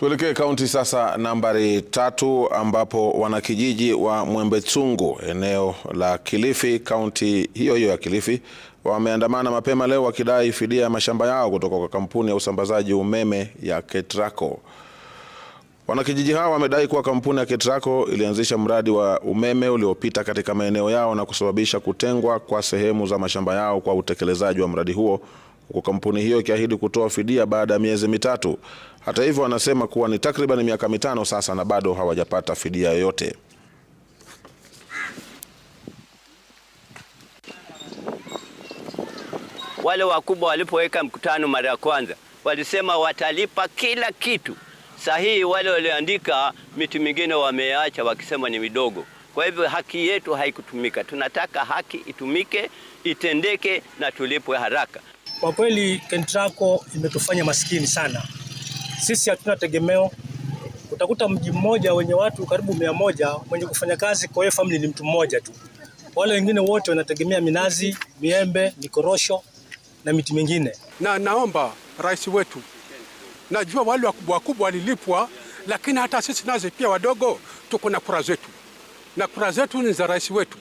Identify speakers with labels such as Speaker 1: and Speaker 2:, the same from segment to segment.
Speaker 1: Tuelekee kaunti sasa nambari tatu ambapo wanakijiji wa Mwembetsungu eneo la Kilifi, kaunti hiyo hiyo ya Kilifi, wameandamana mapema leo wakidai fidia ya mashamba yao kutoka kwa kampuni ya usambazaji umeme ya KETRACO. Wanakijiji hao wamedai kuwa kampuni ya KETRACO ilianzisha mradi wa umeme uliopita katika maeneo yao na kusababisha kutengwa kwa sehemu za mashamba yao kwa utekelezaji wa mradi huo huku kampuni hiyo ikiahidi kutoa fidia baada ya miezi mitatu. Hata hivyo, wanasema kuwa ni takriban miaka mitano sasa na bado hawajapata fidia yoyote.
Speaker 2: Wale wakubwa walipoweka mkutano mara ya kwanza walisema watalipa kila kitu. Sahihi wale walioandika miti mingine wameacha wakisema ni midogo. Kwa hivyo haki yetu haikutumika. Tunataka haki itumike, itendeke na tulipwe haraka.
Speaker 3: Kwa kweli Kentraco imetufanya maskini sana. Sisi hatuna tegemeo. Utakuta mji mmoja wenye watu karibu mia moja mwenye kufanya kazi kwa hiyo family ni mtu mmoja tu. Wale wengine wote wanategemea minazi, miembe, mikorosho na miti mingine.
Speaker 4: Na naomba rais wetu, najua wale wakubwa wakubwa walilipwa, lakini hata sisi nazi pia wadogo tuko na kura zetu, na kura zetu ni za rais wetu,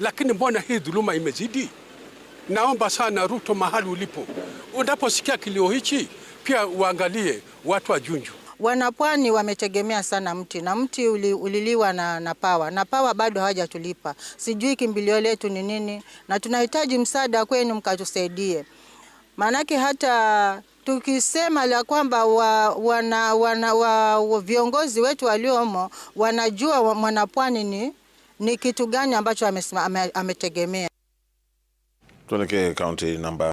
Speaker 4: lakini mbona hii dhuluma imezidi? naomba sana Ruto, mahali ulipo, unaposikia kilio hichi, pia uangalie watu wa Junju.
Speaker 5: Wanapwani wametegemea sana mti na mti uli, uliliwa na, na pawa na pawa bado hawajatulipa. Sijui kimbilio letu ni nini, na tunahitaji msaada kwenu mkatusaidie, maanake hata tukisema la kwamba wa, wana, wana, wa, wa, viongozi wetu waliomo wanajua mwanapwani ni, ni kitu gani ambacho ametegemea. Tuelekee kaunti namba